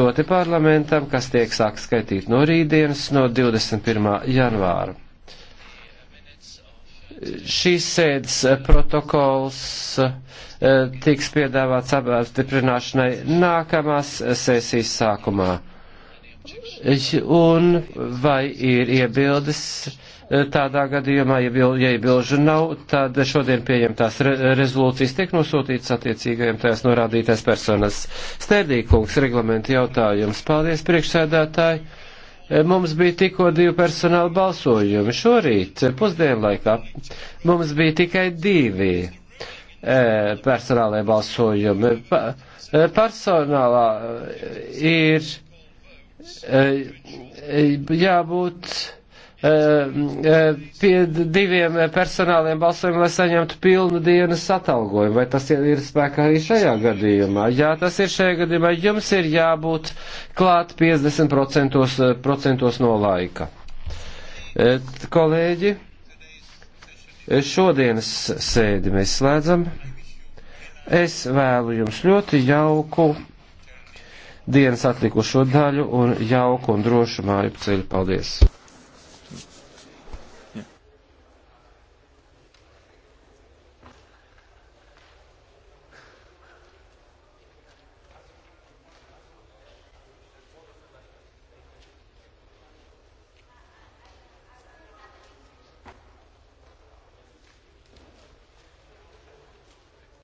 doti parlamentam, kas tiek sāk skaitīt no rītdienas, no 21. janvāra. Šīs sēdes eh, protokols eh, tiks piedāvāts apstiprināšanai nākamās eh, sesijas sākumā. Un vai ir iebildes eh, tādā gadījumā, ja iebilžu nav, tad šodien pieņemtās re rezolūcijas tiek nosūtītas attiecīgajiem tajās norādītās personas. Stēdīkungs, reglamenta jautājums. Paldies, priekšsēdētāji. Eh, mums bija tikko divi personāli balsojumi. Šorīt, eh, pusdienlaikā, mums bija tikai divi personālai balsojumi. Pa personālā ir Eh, eh, jābūt eh, pie diviem personāliem balsojumiem, lai saņemtu pilnu dienas atalgojumu. Vai tas ir spēkā arī šajā gadījumā? Jā, tas ir šajā gadījumā. Jums ir jābūt klāt 50% no laika. Et, kolēģi, šodienas sēdi mēs slēdzam. Es vēlu jums ļoti jauku dienas atlikušo daļu un jauku un drošu māju ceļu. Paldies!